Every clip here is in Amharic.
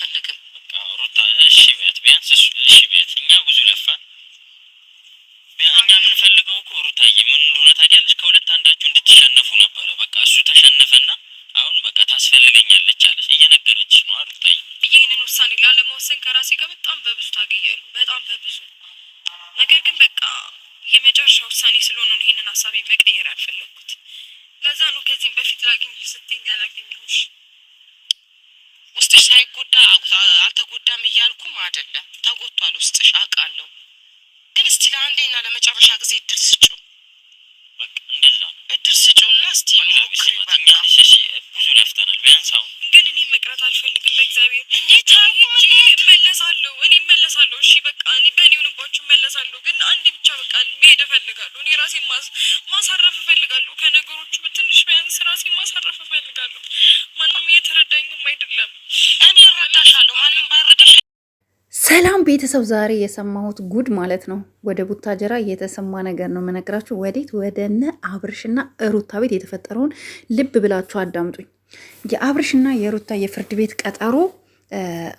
አያስፈልግም። ሩታ እሺ ቢያት ቢያንስ እሺ ቢያት እኛ ብዙ ለፋን። እኛ የምንፈልገው እኮ ሩታዬ ምን እንደሆነ ታውቂያለሽ? ከሁለት አንዳችሁ እንድትሸነፉ ነበረ። በቃ እሱ ተሸነፈና አሁን በቃ ታስፈልገኛለች አለች። እየነገረች ነው ሩታዬ። ይህንን ውሳኔ ላለመወሰን ከራሴ ጋር በጣም በብዙ ታግያለሁ፣ በጣም በብዙ ነገር ግን በቃ የመጨረሻ ውሳኔ ስለሆነ ነው ይህንን ሀሳቤ መቀየር ያልፈለግኩት። ለዛ ነው ከዚህም በፊት ላግኝ ስትኝ ያላገኘሁሽ። ተጎዳ አልተጎዳም እያልኩም አይደለም። ተጎድቷል፣ ውስጥሽ አውቃለሁ። ግን እስቲ ለአንዴና ለመጨረሻ ጊዜ እድል ስጭው፣ እድል ስጭው እና እስቲ ሞክሪ። ብዙ ለፍተናል። ቢያንስ አሁን ግን እኔ መቅረት አልፈልግም በእግዚአብሔር ራሴ ማሳረፍ እፈልጋለሁ። ከነገሮቹ በትንሽ ቢያንስ ራሴ ማሳረፍ እፈልጋለሁ። ማንም እየተረዳኝም አይደለም። እኔ እረዳሻለሁ፣ ማንም ባረዳሽ ሰላም ቤተሰብ፣ ዛሬ የሰማሁት ጉድ ማለት ነው። ወደ ቡታጀራ የተሰማ ነገር ነው መነግራችሁ። ወዴት ወደነ አብርሽና ሩታ ቤት የተፈጠረውን ልብ ብላችሁ አዳምጡኝ። የአብርሽና የሩታ የፍርድ ቤት ቀጠሮ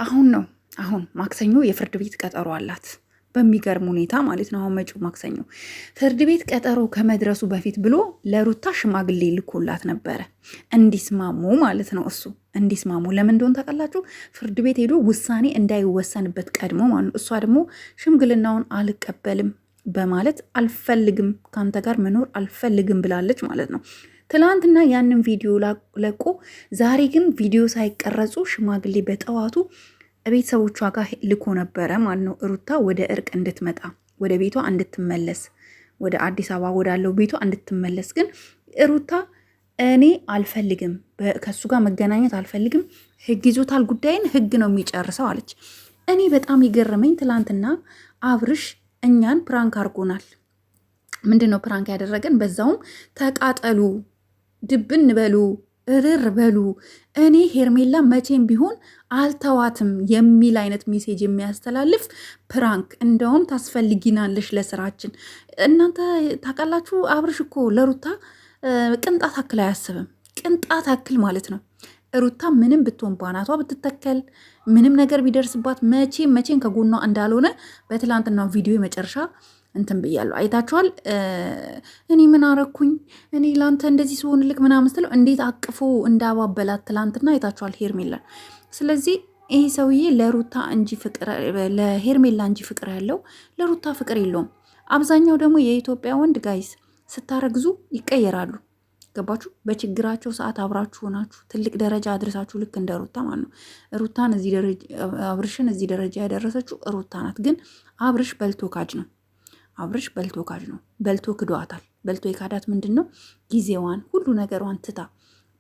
አሁን ነው። አሁን ማክሰኞ የፍርድ ቤት ቀጠሮ አላት። በሚገርም ሁኔታ ማለት ነው። አሁን መጪው ማክሰኞ ፍርድ ቤት ቀጠሮ ከመድረሱ በፊት ብሎ ለሩታ ሽማግሌ ልኮላት ነበረ እንዲስማሙ ማለት ነው። እሱ እንዲስማሙ ለምን እንደሆን ታውቃላችሁ? ፍርድ ቤት ሄዶ ውሳኔ እንዳይወሰንበት ቀድሞ ማለት ነው። እሷ ደግሞ ሽምግልናውን አልቀበልም በማለት አልፈልግም፣ ከአንተ ጋር መኖር አልፈልግም ብላለች ማለት ነው። ትላንትና ያንን ቪዲዮ ለቆ ዛሬ ግን ቪዲዮ ሳይቀረጹ ሽማግሌ በጠዋቱ ቤተሰቦቿ ጋር ልኮ ነበረ ማለት ነው። ሩታ ወደ እርቅ እንድትመጣ ወደ ቤቷ እንድትመለስ ወደ አዲስ አበባ ወዳለው ቤቷ እንድትመለስ። ግን ሩታ እኔ አልፈልግም፣ ከእሱ ጋር መገናኘት አልፈልግም፣ ህግ ይዞታል ጉዳይን፣ ህግ ነው የሚጨርሰው አለች። እኔ በጣም የገረመኝ ትላንትና አብርሽ እኛን ፕራንክ አድርጎናል። ምንድን ነው ፕራንክ ያደረገን? በዛውም ተቃጠሉ ድብን በሉ እርር በሉ። እኔ ሄርሜላ መቼም ቢሆን አልተዋትም የሚል አይነት ሜሴጅ የሚያስተላልፍ ፕራንክ። እንደውም ታስፈልጊናለሽ ለስራችን። እናንተ ታውቃላችሁ፣ አብርሽ እኮ ለሩታ ቅንጣት አክል አያስብም። ቅንጣት አክል ማለት ነው። ሩታ ምንም ብትሆን ባናቷ ብትተከል ምንም ነገር ቢደርስባት መቼም መቼም ከጎኗ እንዳልሆነ በትላንትና ቪዲዮ መጨረሻ እንትን ብያለሁ። አይታችኋል። እኔ ምን አረኩኝ? እኔ ለአንተ እንደዚህ ስሆንልክ ምናምን ስትለው እንዴት አቅፎ እንዳባበላት ትላንትና አይታችኋል ሄርሜላ። ስለዚህ ይሄ ሰውዬ ለሩታ እንጂ ፍቅር ለሄርሜላ እንጂ ፍቅር ያለው ለሩታ ፍቅር የለውም። አብዛኛው ደግሞ የኢትዮጵያ ወንድ ጋይስ ስታረግዙ ይቀየራሉ። ገባችሁ? በችግራቸው ሰዓት አብራችሁ ሆናችሁ ትልቅ ደረጃ አድርሳችሁ ልክ እንደ ሩታ ማለት ነው። ሩታን አብርሽን እዚህ ደረጃ ያደረሰችው ሩታ ናት። ግን አብርሽ በልቶ ካጅ ነው። አብርሽ በልቶ ካድ ነው። በልቶ ክዷታል። በልቶ የካዳት ምንድን ነው? ጊዜዋን ሁሉ ነገሯን ትታ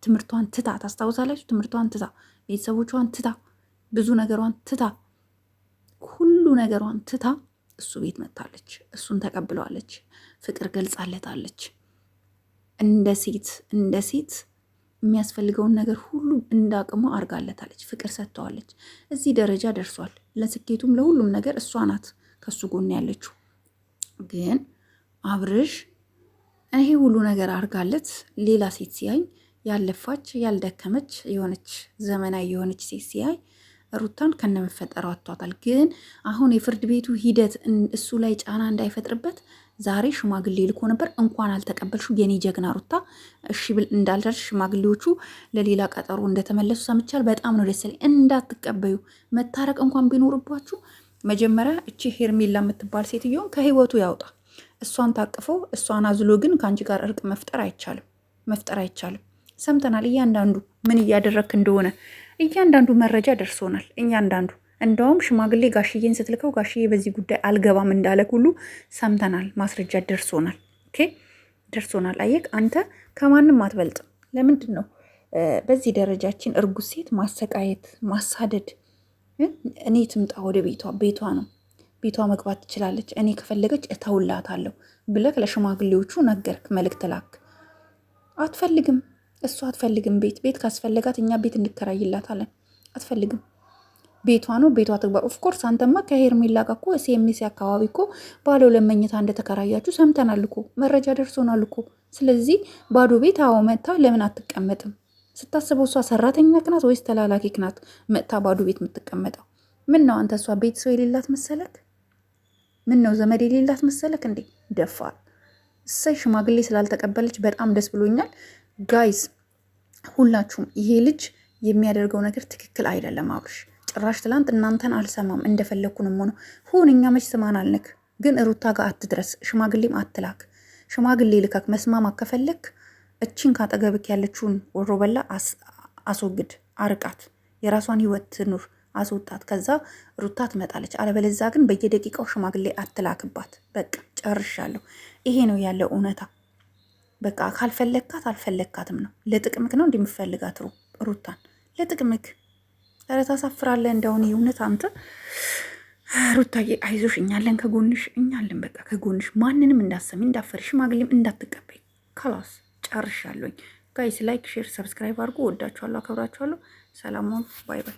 ትምህርቷን ትታ ታስታውሳላችሁ? ትምህርቷን ትታ ቤተሰቦቿን ትታ ብዙ ነገሯን ትታ ሁሉ ነገሯን ትታ እሱ ቤት መጥታለች። እሱን ተቀብለዋለች። ፍቅር ገልጻለታለች። እንደ ሴት እንደ ሴት የሚያስፈልገውን ነገር ሁሉ እንዳቅሙ አርጋለታለች። ፍቅር ሰጥተዋለች። እዚህ ደረጃ ደርሷል። ለስኬቱም ለሁሉም ነገር እሷ ናት ከሱ ጎን ያለችው። ግን አብርሽ ይሄ ሁሉ ነገር አድርጋለት ሌላ ሴት ሲያይ ያለፋች ያልደከመች የሆነች ዘመናዊ የሆነች ሴት ሲያይ ሩታን ከነመፈጠረው አቷታል። ግን አሁን የፍርድ ቤቱ ሂደት እሱ ላይ ጫና እንዳይፈጥርበት ዛሬ ሽማግሌ ልኮ ነበር። እንኳን አልተቀበልሹ የኔ ጀግና ሩታ እሺ ብል እንዳልደርስ ሽማግሌዎቹ ለሌላ ቀጠሮ እንደተመለሱ ሰምቻል። በጣም ነው ደስ ያለኝ። እንዳትቀበዩ መታረቅ እንኳን ቢኖርባችሁ መጀመሪያ እቺ ሄርሜላ የምትባል ሴትዮን ከህይወቱ ያውጣ። እሷን ታቅፎ እሷን አዝሎ ግን ከአንቺ ጋር እርቅ መፍጠር አይቻልም፣ መፍጠር አይቻልም። ሰምተናል። እያንዳንዱ ምን እያደረግክ እንደሆነ እያንዳንዱ መረጃ ደርሶናል። እያንዳንዱ እንደውም ሽማግሌ ጋሽዬን ስትልከው ጋሽዬ በዚህ ጉዳይ አልገባም እንዳለ ሁሉ ሰምተናል። ማስረጃ ደርሶናል፣ ኦኬ ደርሶናል። አየክ አንተ ከማንም አትበልጥም። ለምንድን ነው በዚህ ደረጃችን እርጉዝ ሴት ማሰቃየት ማሳደድ ግን እኔ ትምጣ ወደ ቤቷ ቤቷ ነው ቤቷ መግባት ትችላለች፣ እኔ ከፈለገች እተውላታለሁ ብለህ ለሽማግሌዎቹ ነገርክ፣ መልእክት ላክ። አትፈልግም፣ እሱ አትፈልግም። ቤት ቤት ካስፈለጋት እኛ ቤት እንከራይላታለን። አትፈልግም፣ ቤቷ ነው፣ ቤቷ ትግባ። ኦፍኮርስ አንተማ ከሄርሜላ ጋር እኮ ሴሚሴ አካባቢ እኮ ባለው ለመኝታ እንደተከራያችሁ ሰምተናል እኮ መረጃ ደርሶናል እኮ። ስለዚህ ባዶ ቤት አዎ፣ መታ ለምን አትቀመጥም? ስታስበው እሷ ሰራተኛ ክናት ወይስ ተላላኪ ክናት? መጥታ ባዶ ቤት የምትቀመጠው ምን ነው አንተ? እሷ ቤት ሰው የሌላት መሰለክ? ምን ነው ዘመድ የሌላት መሰለክ እንዴ? ደፋል። እሰይ ሽማግሌ ስላልተቀበለች በጣም ደስ ብሎኛል። ጋይዝ ሁላችሁም ይሄ ልጅ የሚያደርገው ነገር ትክክል አይደለም። አብርሽ ጭራሽ ትላንት እናንተን አልሰማም እንደፈለግኩንም ሆነ ሁን እኛ መች ስማን አልንክ። ግን ሩታ ጋር አትድረስ፣ ሽማግሌም አትላክ። ሽማግሌ ልካክ መስማማ ከፈለክ እችን ካጠገብክ ያለችውን ወሮ በላ አስወግድ፣ አርቃት፣ የራሷን ህይወት ትኑር፣ አስወጣት። ከዛ ሩታ ትመጣለች። አለበለዛ ግን በየደቂቃው ሽማግሌ አትላክባት። በቃ ጨርሻለሁ። ይሄ ነው ያለው እውነታ። በቃ ካልፈለግካት አልፈለግካትም ነው። ለጥቅምክ ነው እንደምፈልጋት ሩታን ለጥቅምክ። ኧረ ታሳፍራለህ። እንደውን እውነት አንተ ሩታዬ፣ አይዞሽ፣ እኛለን ከጎንሽ፣ እኛለን በቃ ከጎንሽ። ማንንም እንዳሰሚ እንዳፈሪ፣ ሽማግሌም እንዳትቀበይ። ካላስ ጨርሻለሁኝ። ጋይስ ላይክ፣ ሼር፣ ሰብስክራይብ አድርጉ። ወዳችኋለሁ፣ አከብራችኋለሁ። ሰላም ሁኑ። ባይ ባይ።